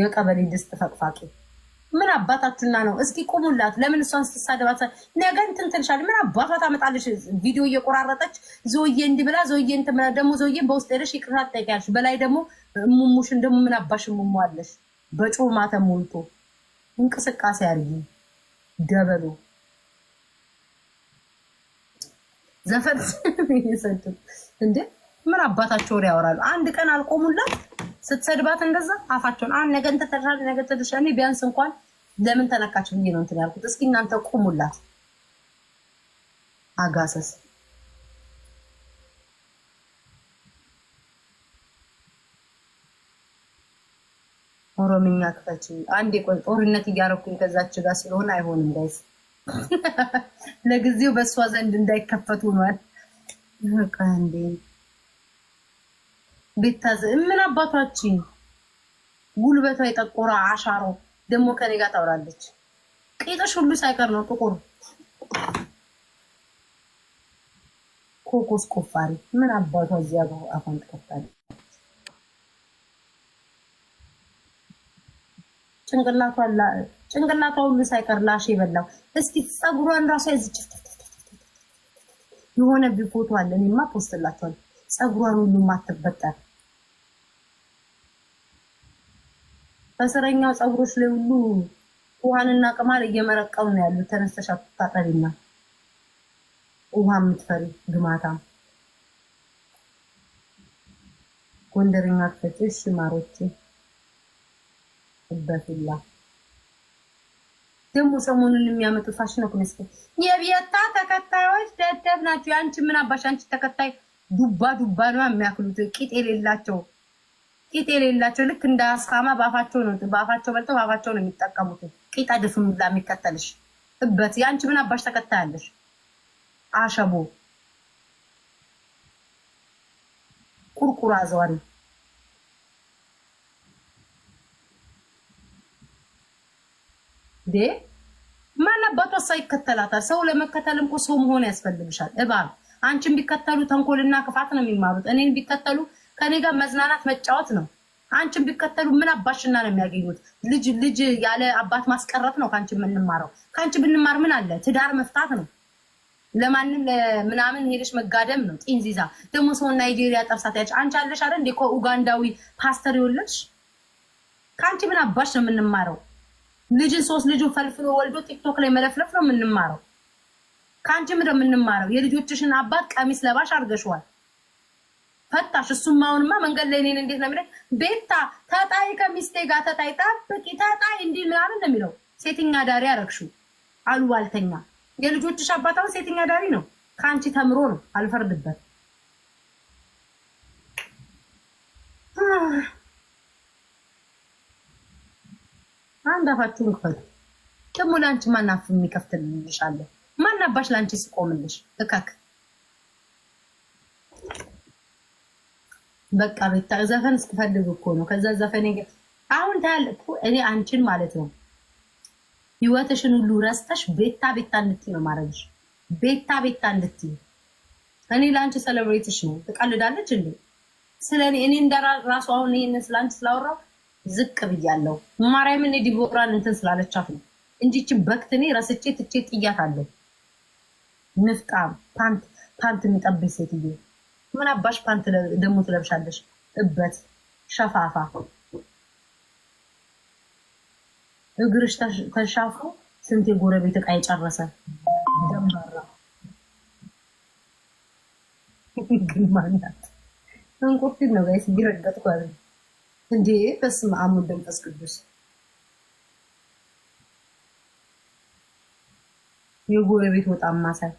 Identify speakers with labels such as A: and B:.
A: የቀበሌ ድስት ፈቅፋቂ ምን አባታችሁና ነው? እስኪ ቁሙላት። ለምን እሷን ስትሳደባት ነገ እንትን ትልሻለች። ምን አባቷ ታመጣለች? ቪዲዮ እየቆራረጠች ዞዬ እንዲህ ብላ ዞዬ እንትን ብላ ደግሞ ዞዬ በውስጥ ሄደሽ ይቅርታ ትጠይቂያለሽ። በላይ ደግሞ እሙሙሽን ደግሞ ምን አባሽ እሙሟለሽ? ማተ ሞልቶ እንቅስቃሴ አድርጊ ደበሎ ዘፈን እንዴ! ምን አባታቸው ወሬ ያወራሉ። አንድ ቀን አልቆሙላት ስትሰድባት እንደዛ አፋቸውን አሁን ነገ ተተሻለ ነገ ተተሻ ቢያንስ እንኳን ለምን ተነካቸው ብዬ ነው እንትን ያልኩት። እስኪ እናንተ ቁሙላት። አጋሰስ ኦሮምኛ ክፈች። አንዴ ቆይ፣ ጦርነት እያረኩኝ ከዛች ጋር ስለሆነ አይሆንም ጋይስ። ለጊዜው በእሷ ዘንድ እንዳይከፈቱ ማለት በቃ እንዴ ቤታዘ ምን አባቷችን ጉልበቷ የጠቆረ አሻሮ ደግሞ ከኔ ጋር ታውራለች። ቂጥሽ ሁሉ ሳይቀር ነው ጥቁር። ኮኮስ ቆፋሪ ምን አባቷ እዚያ ጋር አፋን ትከፍታለች። ጭንቅላቷ ሁሉ ሳይቀር ላሽ የበላው እስኪ ፀጉሯን ራሷ የዝጭ የሆነ ቢፎቶ አለ። እኔማ ፖስትላቸዋለሁ ፀጉሯን ሁሉ ማትበጠር በስረኛው ፀጉሮች ላይ ሁሉ ውሃንና ቅማል እየመረቀው ነው ያሉት። ተነስተሽ ታጠቢና ውሃ የምትፈሪ ግማታ ጎንደርኛ አትፈጭሽ ማሮቼ በፊላ ደግሞ ሰሞኑን የሚያመጡ ፋሽን ነው። የቤታ ተከታዮች ደደብ ናቸው። የአንቺ ምን አባሽ አንቺ ተከታይ ዱባ ዱባ ነው የሚያክሉት። ቂጥ የሌላቸው ቂጥ የሌላቸው ልክ እንደ አስካማ በአፋቸው ነው በአፋቸው በልተው በአፋቸው ነው የሚጠቀሙት። ቂጥ አድፍም ላ የሚከተልሽ እበት የአንቺ ምን አባሽ ተከታያለሽ? አሸቦ ቁርቁራ ዘዋን ዴ ማን አባቷ ሳይከተላታል? ሰው ለመከተልም እኮ ሰው መሆን ያስፈልግሻል እባብ አንቺን ቢከተሉ ተንኮልና ክፋት ነው የሚማሩት። እኔን ቢከተሉ ከኔ ጋር መዝናናት መጫወት ነው። አንቺን ቢከተሉ ምን አባሽና ነው የሚያገኙት? ልጅ ልጅ ያለ አባት ማስቀረት ነው ከአንቺ የምንማረው። ከአንቺ ብንማር ምን አለ? ትዳር መፍታት ነው። ለማንም ምናምን ሄደሽ መጋደም ነው። ጢንዚዛ ደግሞ ሰውን ናይጄሪያ ጠርሳት ያች አንቺ አለሽ አለ እንዴ? ኡጋንዳዊ ፓስተር ይወለሽ። ከአንቺ ምን አባሽ ነው የምንማረው? ልጅን ሶስት ልጁን ፈልፍሎ ወልዶ ቲክቶክ ላይ መለፍለፍ ነው የምንማረው። ከአንቺ ምድር ነው የምንማረው? የልጆችሽን አባት ቀሚስ ለባሽ አድርገሽዋል። ፈታሽ እሱም አሁንማ መንገድ ላይ እኔን እንዴት ነው የሚለኝ? ቤታ ተጣይ ከሚስቴ ጋር ተጣይ ጠብቂ ተጣይ እንዲህ ምናምን ነው የሚለው። ሴተኛ ዳሪ አሉ አሉባልተኛ። የልጆችሽ አባት አሁን ሴተኛ ዳሪ ነው፣ ከአንቺ ተምሮ ነው። አልፈርድበት። አንድ አፋችሁን ክፈቱ። ደግሞ ለአንቺ ማናፍ የሚከፍትልሻለን ማን አባሽ ለአንቺ ሲቆምልሽ እካክ በቃ ቤታ ዘፈን ስትፈልግ እኮ ነው። ከዛ ዘፈን አሁን ታል እኔ አንቺን ማለት ነው ህይወትሽን ሁሉ ረስተሽ ቤታ ቤታ እንድትይ ነው ማድረግሽ። ቤታ ቤታ እንድትይ እኔ ለአንቺ ሰለብሬትሽ ነው። ትቀልዳለች እንዴ ስለ እኔ እኔ እንደ ራሱ አሁን ይህንን ስለ አንቺ ስላወራው ዝቅ ብያለሁ። ማርያምን ዲቦራን እንትን ስላለቻት ነው እንጂ ይህችን በክት እኔ ረስቼ ትቼ ጥያት አለሁ። ንፍጣም ፓንት ፓንት የሚጠብሽ ሴትዮ ምን አባሽ ፓንት ደግሞ ትለብሻለሽ? እበት ሸፋፋ እግርሽ ተሻፎ ስንት የጎረቤት እቃ የጨረሰ ደንበራ ግማናት ማናት እንቁርቲን ነው ጋይስ ቢረገጥኩ ያለ እንዴ! በስመ አብ ወወልድ ወመንፈስ ቅዱስ የጎረቤት ወጣ ማሳይ